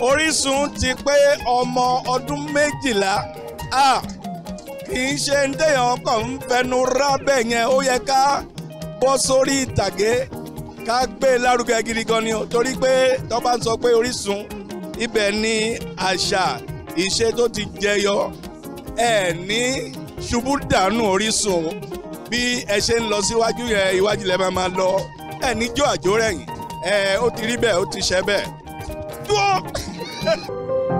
Orísun ti pé ọmọ ọdún méjìlá a kì í ṣe ń téèyàn kàn ń fẹnu rábẹ̀ yẹn ó yẹ ká bọ́ sórí ìtàgé ká gbé e lárugẹ gidi gan ni o torí pé tó bá ń sọ pé Orísun ibẹ̀ ni àṣà ìṣe tó ti jẹyọ ẹ̀ ní ṣubú dànù Orísun bí ẹ ṣe ń lọ síwájú yẹn iwájú lẹ máa máa lọ ẹ níjó àjórẹ̀yìn ẹ ó ti rí bẹ́ẹ̀ ó ti ṣe bẹ́ẹ̀. toi